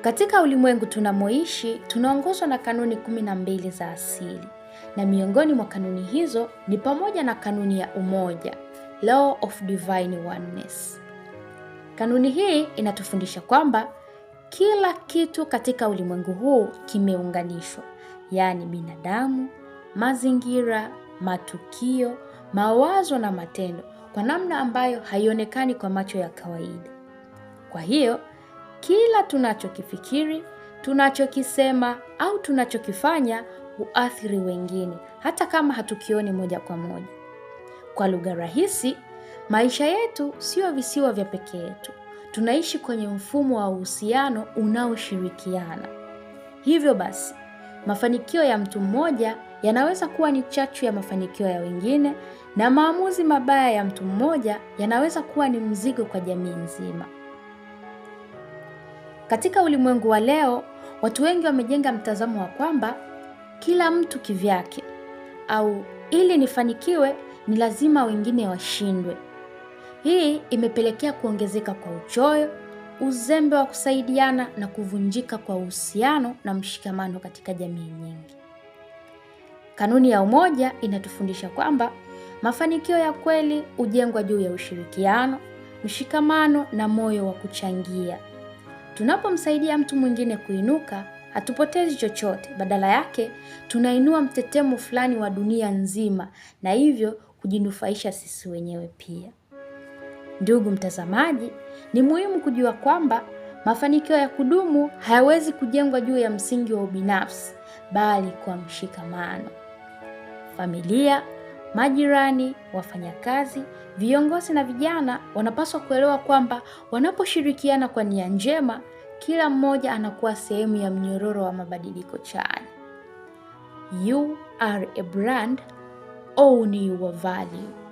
Katika ulimwengu tunamoishi tunaongozwa na kanuni kumi na mbili za asili, na miongoni mwa kanuni hizo ni pamoja na kanuni ya umoja, Law of Divine Oneness. Kanuni hii inatufundisha kwamba kila kitu katika ulimwengu huu kimeunganishwa, yaani binadamu, mazingira, matukio, mawazo na matendo, kwa namna ambayo haionekani kwa macho ya kawaida. Kwa hiyo kila tunachokifikiri, tunachokisema au tunachokifanya huathiri wengine, hata kama hatukioni moja kwa moja. Kwa lugha rahisi, maisha yetu sio visiwa vya peke yetu. Tunaishi kwenye mfumo wa uhusiano unaoshirikiana. Hivyo basi, mafanikio ya mtu mmoja yanaweza kuwa ni chachu ya mafanikio ya wengine na maamuzi mabaya ya mtu mmoja yanaweza kuwa ni mzigo kwa jamii nzima. Katika ulimwengu wa leo, watu wengi wamejenga mtazamo wa kwamba kila mtu kivyake, au ili nifanikiwe ni lazima wengine washindwe. Hii imepelekea kuongezeka kwa uchoyo, uzembe wa kusaidiana na kuvunjika kwa uhusiano na mshikamano katika jamii nyingi. Kanuni ya umoja inatufundisha kwamba mafanikio ya kweli hujengwa juu ya ushirikiano, mshikamano na moyo wa kuchangia. Tunapomsaidia mtu mwingine kuinuka, hatupotezi chochote, badala yake tunainua mtetemo fulani wa dunia nzima na hivyo kujinufaisha sisi wenyewe pia. Ndugu mtazamaji, ni muhimu kujua kwamba mafanikio ya kudumu hayawezi kujengwa juu ya msingi wa ubinafsi, bali kwa mshikamano, familia Majirani, wafanyakazi, viongozi na vijana wanapaswa kuelewa kwamba wanaposhirikiana kwa nia njema, kila mmoja anakuwa sehemu ya mnyororo wa mabadiliko chanya. You are a brand, own your value.